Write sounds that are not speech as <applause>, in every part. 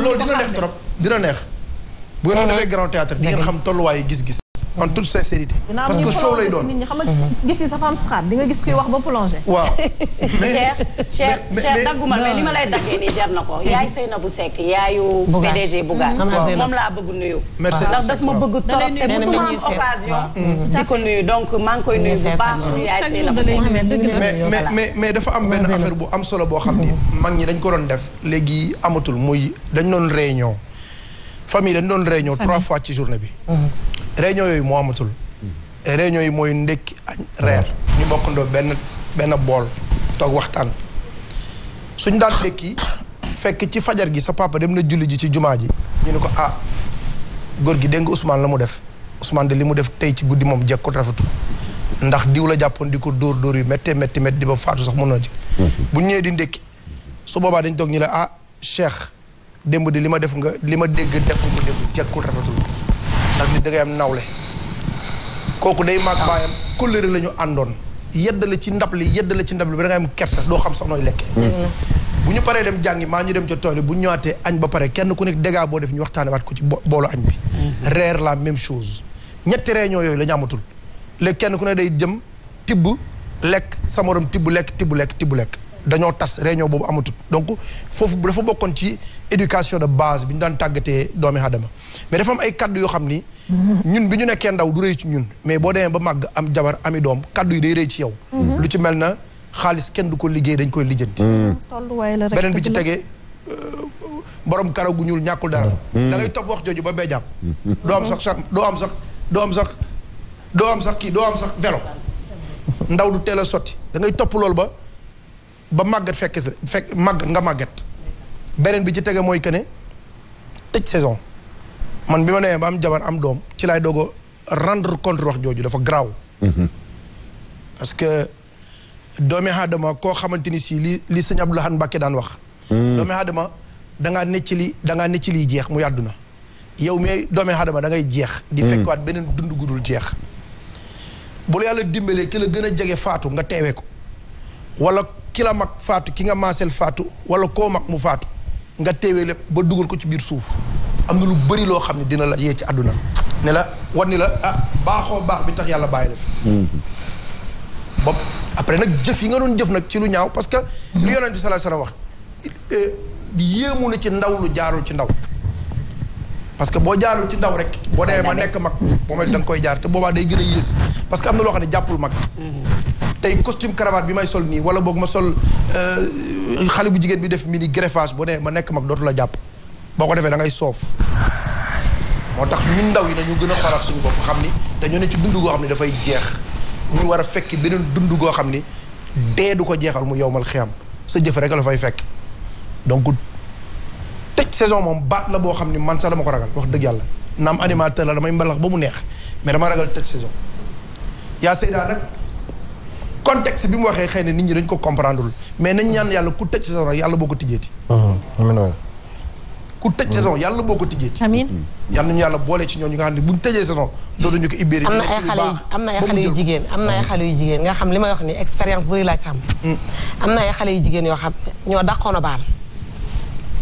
loolu dina neex trop dina neex. bu ngeen ko defee grand théâtre di ngeen xam gis-gis. en toute sincérité. parce que show lay doon nit ñi xam nga gis sa femme strat di nga gis kuy wax ba plongé. waaw <laughs> mais cher cher dagguma mais li ma lay daggee nii jar na ko. <laughs> yaay bu sekk yaayu. PDG Bougane mm-hmm. moom laa bëgg nuyu. merci ma bëgg torop mm-hmm. ko donc maa ngi koy mais mais mais dafa am benn affaire bu am solo boo xam ni. Mm-hmm. mag ñi dañ ko doon def léegi amatul muy dañ doon réunion famille dañ doon réunion trois fois ci journée bi. réunion yooyu moo amatul. réunion yi mooy ndékki añ reer. ñu bokkandoo benn benn bool toog waxtaan. suñ daan ndékki fekk ci fajar gi sa papa dem na julli ji ci jumaa ji. ñu ne ko ah góor gi dégg nga Ousmane la mu def Ousmane de li mu def tey ci guddi moom jekkul rafetu ndax diw la jàppoon dóor dóor yu méttee métti métti di ba faatu sax mën na ci. bu ñëwee di ndékki su boobaa dañ toog ñu ne ah Cheikh démb di li ma def nga li ma dégg def ko dégg jekkul rafetul. ndax da ngay am nawle kooku day maag ah. baayam kóllëre la ñu àndoon yedd la ci ndab li yedd la ci ndab li ba da ngay am kersa doo xam sax nooy lekkee mm-hmm. Mm-hmm. bu ñu paree dem jàngi maa ñu dem ca tool bu ñu ñaatee añ ba pare kenn ku nekk dégâts boo def ñu waxtaane waat ko ci boolu añ bi mm-hmm. reer la même chose ñetti réunion yooyu la ñu amatul léegi kenn ku ne day jëm tibb lekk sa morom tibb lekk tibb lekk tibb lekk dañoo tas réunion boobu amatul donc foofu dafa bokkoon ci éducation de base bi ñu daan tàggatee doomi aadama mais dafa ay kàddu yoo xam ni. ñun bi ñu nekkee ndaw du rëy ci ñun mais boo demee ba màgg am jabar ami doom kaddu yi day rëy ci yow. Mhm. lu ci mel na xaalis kenn du ko liggéey dañ koy lijjanti. Mhm. tolluwaay la rek beneen bi ci tegee euh, borom karaw gu ñuul ñàkkul dara. Mhm. da topp wax jooju ba bee jàpp. doo am sax doo am sax doo am sax doo am sax kii doo am sax velo ndaw du teel a da ngay topp loolu ba. ba màgget fekk fekk màgg nga màgget beneen bi ci tege mooy que ne tëj saison man bi ma nee ba am jabar am doom ci laay doog a rendre compte wax jooju dafa garaaw. Mhm. parce que doome aadama koo xamante ni si li li sëñ Abdou Lahad Mbacké daan wax. Mhm. doomi aadama da ngaa necc li da ngaa necc liy jeex mu yàddu yow mi doomi aadama da ngay jeex. Mhm. di fekkaat beneen dund gudul jeex. bu la yàlla dimbalee ki la gën a jege faatu nga teewee ko wala. ki la mag faatu ki nga maaseel faatu wala koo mag mu faatu nga teewee lépp ba dugal ko ci biir suuf am na lu bëri loo xam ne dina la yee ci àdduna ne la wan ni la ah baaxoo baax bi tax yàlla bàyyi la fi bopp après nag jëf yi nga doon jëf nag ci lu ñaaw parce que lu yonent bi sallallahu alayhi wasallam wax euh, yéemu na ci ndaw lu jaarul ci ndaw parce que boo jaarul ci ndaw rek boo demee ma nekk mag moom da nga koy jaar te boobaa day gën a yées parce que am na loo xam ne jàppul mag tey costume cravate bi may sol nii wala boog ma sol euh, xale bu jigéen bi def mini greffage boo ne ma nekk mag dootu la jàpp boo ko defee da ngay soof moo tax ñun ndaw yi dañu gën a xoolaat suñu bopp xam ni dañoo ne ci dund goo xam ne dafay jeex ñu war a fekk beneen dund goo xam ni dee du ko jeexal mu yowmal xiyam sa jëf rek la fay fekk donc tëj saison moom baat la boo xam ni man sax dama ko ragal wax dëgg yàlla naam animateur la damay mbalax ba mu neex mais dama ragal tëj saison yaa Seydaa nag contexte bi mu waxee xëy na nit ñi dañ ko comprendre mais nañ ñaan yàlla ku tëj saison yàlla ko tijjeeti. amiin waay. ku tëj saison yàlla boo ko tijjeeti. amiin nañu yàlla boole ci ñooñu nga xam ne bu ñu tëjee saison. dootu ñu ko ibéeri am na ay xale yu am na jigéen am na ay xale yu jigéen nga xam li may wax ni expérience bu rëy laa ci am. Mm. am na ay xale yu jigéen yoo xam ñoo dàqoon a baal.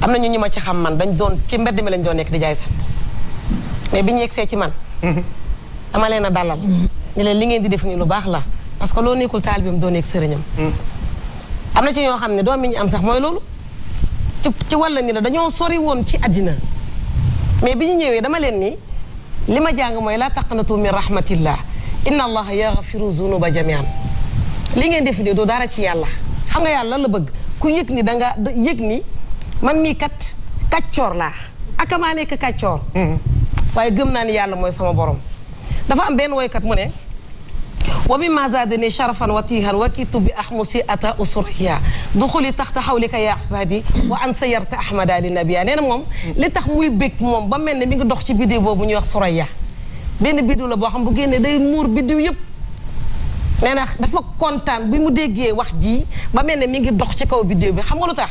am na ñu ñu ma ci xam man dañ doon ci mbedd mi lañ doon nekk di jaay sax mais bi ñu see ci man. Mm-hmm. dama leen a dalal. Mm-hmm. ne leen li ngeen di def ni lu baax la parce que loo nekkul taalibeem doo nekk sëriñam. Hmm. am na ci ñoo xam ne doom mi ñu am sax mooy loolu. ci ci wàll la dañoo sori woon ci àddina mais bi ñu ñëwee dama leen ni li ma jàng mooy laa taqnatu min rahmatillah inna allaha yaghfiru zunuba jamian li ngeen def nii doo dara ci yàlla xam nga yàlla la bëgg ku yëg ni danga nga yëg ni man mii kat kaccoor laa akamaa nekk kàccoor hmm. waaye gëm naa ni yàlla mooy sama borom dafa am benn woykat mu ne ومما زادني شرفا وتيها وكدت بأحمسي أتى أسريا دخولي تحت حولك يا عبادي وأن سيرت أحمد للنبي nee na moom li tax muy bëgg moom ba mel ne mi ngi dox ci biddiw boobu ñuy wax Suraya benn biddiw la boo xam bu génnee day muur biddiw yëpp nee na dafa kontaan bi mu déggee wax ji ba mel ne mi ngi dox ci kaw biddiw bi xam nga lu tax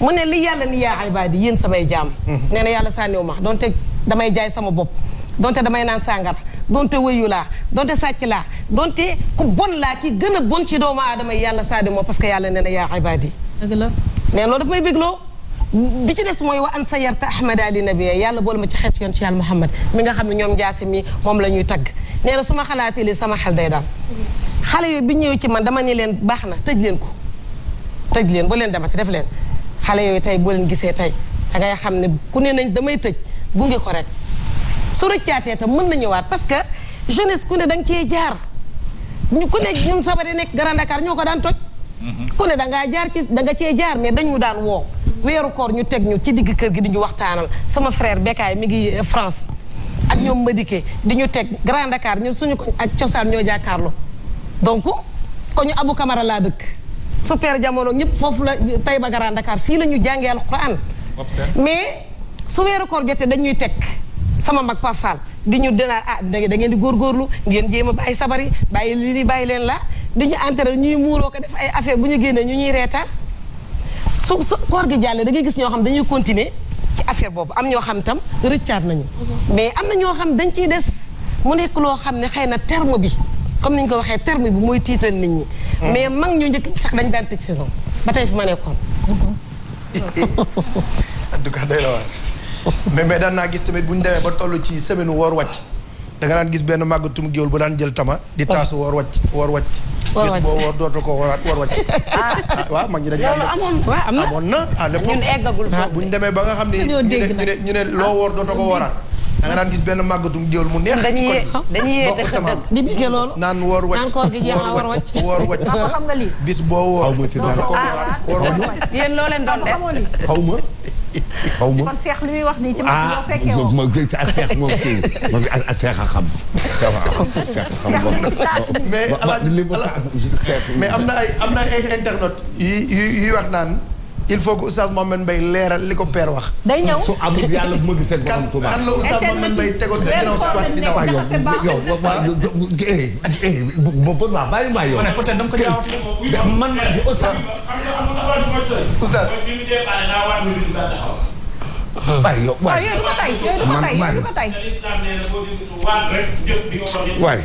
mu ne li yàlla ni yaa ibaadi yéen samay jaam mhm. nee na yàlla sànniwu ma donte damay jaay sama bopp donte damay naan sàngara donte wëyu laa donte sàcc laa donte ku bon laa ki gën a bon ci doomu aadama yi yàlla saadi moo parce que yàlla nee na yaa ibaadi dëgg la nee loolu daf may bégloo bi ci des mooy wa an sa yarta ahmada ali nabiya yàlla boole ma ci xeet yoon ci yàlla muhammad mi nga xam ne ñoom njaase mii moom la ñuy tagg nee na su ma xalaatee li sama xel day daal xale yooyu bi ñëwee ci man dama ni leen baax na tëj leen ko tëj leen ba leen dama ci def leen xale yooyu tey boo leen gisee tey dangay xam ne ku ne nañ damay tëj gunge ko rek su rëccaatee tam mën na ñëwaat parce que jeunesse ku ne da nga cee jaar ñu ku ne ñun sabari nekk Grand Dakar ñoo ko daan toj. ku ne da ngaa jaar ci da nga cee jaar mais dañu daan woo. weeru koor ñu teg ñu ci digg kër gi di ñu waxtaanal sama frère Bekaay mi ngi euh, France. ak ñoom ma Madické di ñu teg Grand Dakar ñun suñu ko ak cosaan ñoo jàkkaarloo. donc ko ñu Abu Kamara laa dëkk. super jamono ñëpp foofu la Taïba Grand Dakar fii la ñu jàngee alxuraan mais su weeru koor jotee dañuy teg. sama mag Pape Fall di ñu dinaa ah da ngeen di góorgóorlu ngeen jéem a ay sabar yi bàyyi li li bàyyi leen la di ñu entraîné ñuy muuroo ko def ay affaire bu ñu génnee ñu ñuy reetaan su su koor gi jàll da gis ñoo xam dañuy continuer ci affaire boobu am ñoo xam tam rëccaat nañu. mais am na ñoo xam dañ ciy des mu nekk loo xam ne xëy na terme bi comme nañ ñu ko waxee terme bi mooy tiital nit ñi. mais mag ñu njëkk sax dañ daan tëj saison ba tey fi ma nekkoon. <laughs> mais mais daan naa gis tamit bu ñu demee ba toll ci semaine woor wàcc da nga daan gis benn màggatum géwél bu daan jël tama di taasu woor wàcc woor wàcc bis boo woor doota ko wooraat woor wàcc <laughs> ah. ah waaw mag ñi dañ daan amoon na ah lépp ñun eggagul ah, bu ñu demee ba nga xam ne ñu ne ñu ne loo woor doota ko wooraat da nga daan gis benn màggatum géwél mu neex ci ko bokk tama di bige loolu naan woor wàcc woor wàcc woor wàcc xam nga lii bis boo woor doota ko wooraat woor wàcc yéen loo leen doon def xaw ma xaw ma kon seex li muy wax nii ci man ah, yow fekkee woo ma a ah, seex moom kii ma a ah, seex a xam seex xam mais mais am na ay am na ay internautes yi yuy wax naan il faut que Oustaz Mohamed Mbaye leeral li ko père wax. day ñëw su amul yàlla bu ma gisee borom Touba. kan la Oustaz Mohamed Mbaye tegoon te wax yow yow waaw bàyyi waay yow waay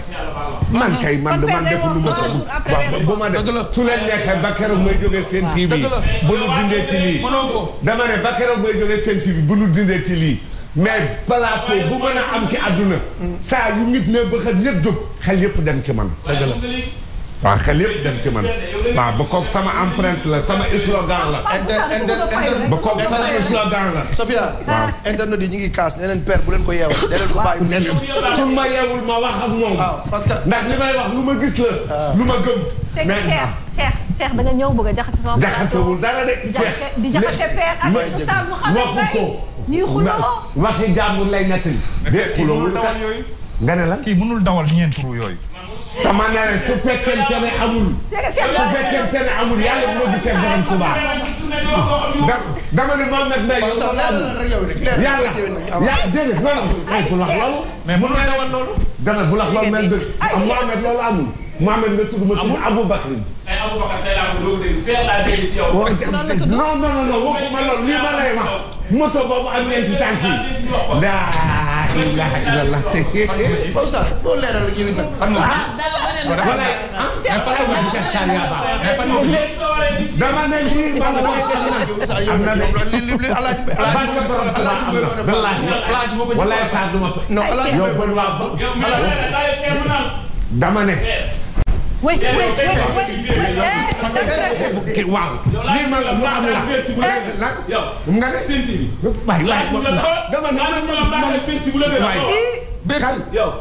man kay man man defu lu ma ko. waaw bu ma de su leen neexee ba keroog may jógee seen TV. bu nu dindee ci lii. dama ne ba keroog may jógee seen TV bu nu dindee lii. mais plateau bu mën a am ci àdduna. Mm. saa yu nit ne ba xel ñëpp jóg xel yëpp dem ci man. dëgg waaw xel yëpp dem ci man waaw ba kook sama empreinte la sama slogan la. Ah, ba kook sama slogan la. Sofia. waaw ah. internet yi ñu ngi kaas nee leen père bu leen ko yeewal nee leen ko bàyyi. nee leen su ma yeewul ma wax ak moom. parce que ndax li may wax lu ma gis la. Ah. lu ma gëm. mais Cheikh Cheikh Cheikh da nga ñëw bëgg a jaxase sama. jaxasewul dara de Cheikh di jaxase père ak Oustaz Mouhamed Mbaye ñuy xuloo waxi jàmbur lay nettali. de xuloo wul kat nga ne lan kii mënul dawal ñeenti ru yooyu. sama ne su fekkente ne amul. su fekkente ma gisee borom Tuubaa. dama ne moom nag Mbaye mais mënul dawal loolu. bu lax loolu mel am Mohamed loolu amul. ma tudd Abou Bakri. ay Abou Bakri say laa ko oh, moto boobu am ñeenti tànk ilaha illallah te oustaz boo leeral ak yéen nag xam nga dama ne lii dama ne lii am na ne alaaj alaaj alaaj alaaj alaaj oui oui oui. waaw. lii ma la mu am la. lan nga ne. seen TV. waay waay dama ne. Bercy. yow.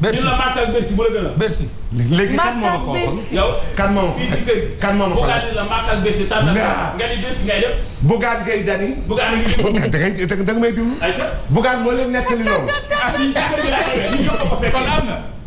Bercy ñu la Màkka ak Bercy bu la gën a. Bercy. léegi kan moo ma ko waxoon yow. kan moo ma ko kan moo ma ko waxoon. Bougane la Màkka ak Bercy tànn nga ni Bercy ngay def. Bougane Gueye Dany. Bougane Gueye da ngay da nga may déglu. Bougane moo leen nettali loolu. ah lii ko kon am na.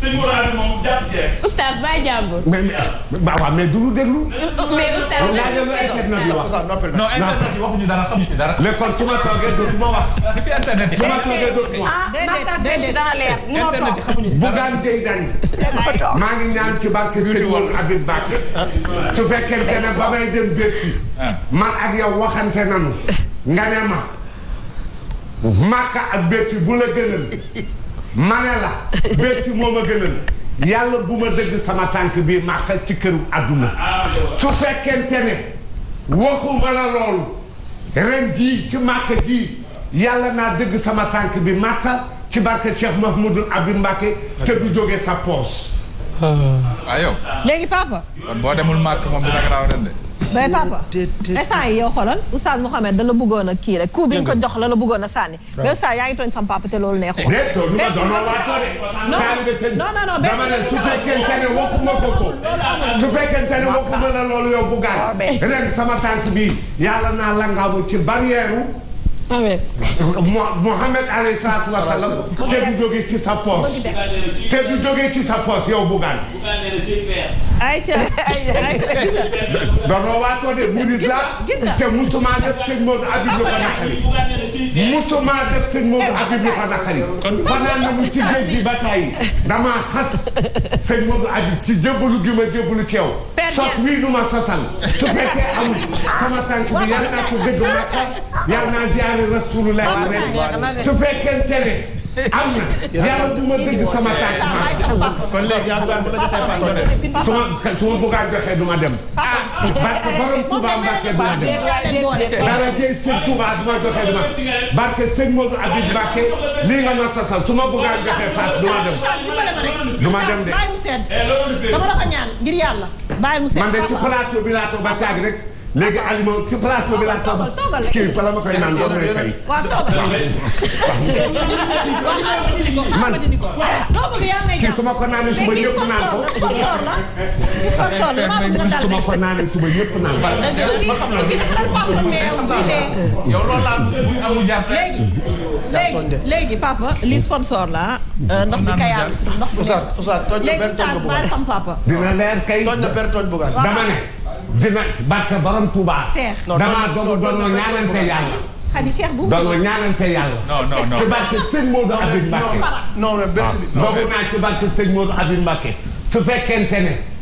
sëñ Mor Adé moom jàpp jeex. oustaz baa jàmbur. mais mais mais du ñu déglu. mais oustaz non internet si dara. l'école su ma toogee dootuma wax. si internet yi. ma toogee dootuma wax. ah dana leer. internet yi xamuñu si dara bugaan day dañ. maa ngi ñaan ci barke sëñ Mor Habib Mbacké. su fekkente ne ba may dem Bercy. Ah. man ak yow waxante nañu. nga ne ma. Makka ak Bercy bu la gënal. ma ne la bési moo ma yàlla bu ma dëgg sama tànk bi màqa ci këru àdduna su fekkente ne waxuma la loolu ren jii ci màkk ji yàlla naa dëgg sama tànk bi màkka ci barke Cheikh Mahmoudou Abi Mbacké te du jógee sa poos waaw ah. yow léegi papa kon boo demul màkk moom dina garaaw ren de mais papa instant yi yow xoolal Oustaz Mouhamed da la bëggoon a kii rek. ku bi nga ko jox la la bëggoon a sànni. mais Oustaz yaa ngi tooñ sam papa te loolu neexul. non non non dama ne su fekkente ne waxuma ko ko. su fekkente ne waxuma la loolu yow bu gaañ. ren sama tante bi yàlla naa langaamu ci barrière amiin Mouhamed alayhi salaatu wa salaam. te du jógee ci sa poos. te du jógee ci sa poos yow bu gaañ. ayca ayca gis nga. donc waa Codé bu nit la. gis nga te musuma def sëñ Maodo Habib lu ko naqari. musuma def sëñ Maodo Habib lu ko naqari. kon fanaan na mu ci géej gi ba tàyyi dama xas sëñ Maodo Habib ci jébbalu gi ma jébbalu ci yow. sos wii nu ma sosal. su fekkee amul sama tànk bi yal naa ko dégg Makka yal naa ziare Rasulullah su fekkente ne. am na yàlla du ma dëgg sama taaj ma. kon léegi yaa ngi bu la joxee paas nga dem. su ma su ma a du ma dem. ah barke borom Touba Mbacke du ma dem. dara jëy sëñ Touba du ma joxe du lii nga ma sosal su ma bëgg a joxee paas du ma ma dem de. bàyyi mu sedd dama la ko ñaan ngir yàlla. mu sedd man de ci plateau bi laa toog saag rek. léegi Alima si plateau bi laa ah, toog ci kii bala ma koy naan ba may fay. waaw man kii su ma ko naanee suba ñëpp naan ko. su ma ko naanee suba ñëpp naan ko. yow loolu laa amul jàpp léegi papa li sponsor la euh, ndox bi kayaar ndox bi. Ousseyn Ousseyn tooñ na benn tooñ bu baax léegi sama papa. dina leer kay tooñ na benn tooñ bu baax dama ne. dina barke borom Touba. Cheikh damaa doog doon na ñaanante yàlla. xadi Cheikh bu doon na ñaanante yàlla. non non non ci barke sëñ Modou Habib Mbacké. non non merci. ci barke sëñ Modou Habib Mbacké su fekkente ne.